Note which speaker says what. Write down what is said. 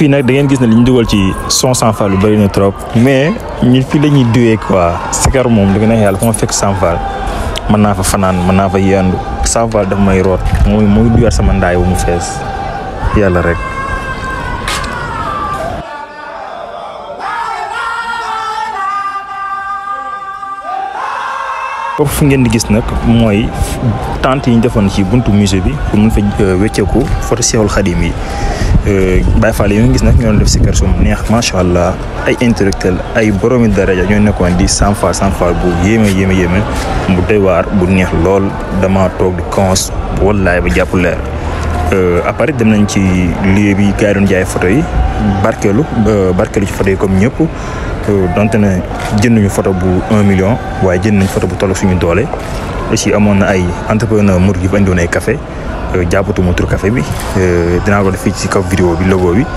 Speaker 1: fii nag da ngeen gis ne li ñu dugal ci son Sam Fall lu bëri na trop mais ñu fii la ñuy duwee quoi sikar moom danga ne yàlla fu ma fekk Sam Fall mën naa fa fanaan mën naa fa yendu Sam Fall dafa may root mooy mooy duyaat sama ndaay bu mu fees yàlla rek foofu fu ngeen di gis nag mooy tant yi ñu defoon ci buntu musée bi pour mun fa euh, wécceeku photo Seexul Xadim yi Euh, Baye Fall yi nga gis nag ñoo def si kër neex macha allah ay intellectuel ay boromi daraja ñoo nekkoon di sanfar sanfar bu yéeme yéeme yéeme bu doy bu neex lool dama togg di cons wallaay ba jàpp leer. Euh, après dem nañ ci lieu bi gars yi doon jaay photo yi barkeelu euh, barkeelu ci photo yi comme ñëpp donte na jënd ñu photo bu un million waaye jënd nañ photo bu toll suñu doole aussi amoon na ay entrepreneur mur yi fa indiwoon ay café jàppatuma tur café bi euh, dinaa ko fii ci kaw vidéo bi logo bi